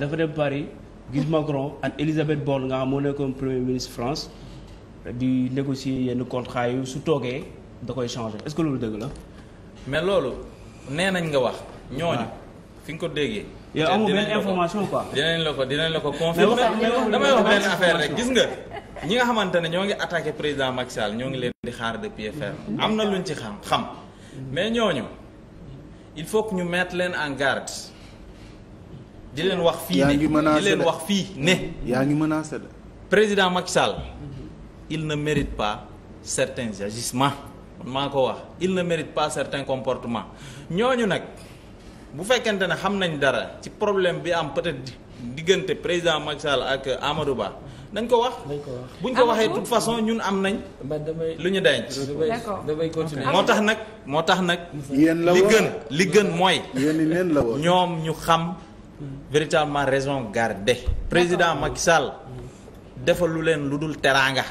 dafa dem Paris gis Macron ak Elisabeth Borne nga xam moo nekkoon premier ministre France di négocier yenn contrat yu su toogee da koy changer est-ce que loolu dëgg la. mais loolu nee nañ nga wax. ñooñu ah. fi nga ko déggee. yow amul benn information quoi. dinañ ko dinañ la ko confirmer damay wax benn affaire rek gis nga. ñi nga xamante ne ñoo ngi attaqué président Macky Sall ñoo ngi leen di xaar de pied ferme am na lu luñ ci xam xam mais ñooñu il faut que ñu mettre leen en garde. di leen wax fii ne di leen wax fii ne. yaa ngi menacé de. président Macky Sall. il ne mérite pas certains agissements man maa ko wax il ne mérite pas certains comportements ñooñu nag bu fekkente ne xam nañ dara ci problème bi am peut-être diggante président Macky Sall ak Amadou Ba. nañ ko wax buñ ko waxee de toute façon ñun am nañ. lu ñu denc. damay continuer moo tax nag moo tax nag. li gën li gën mooy. ñoom ñu xam. véritablement raison garder président Macky Sall defal leen lu dul teraanga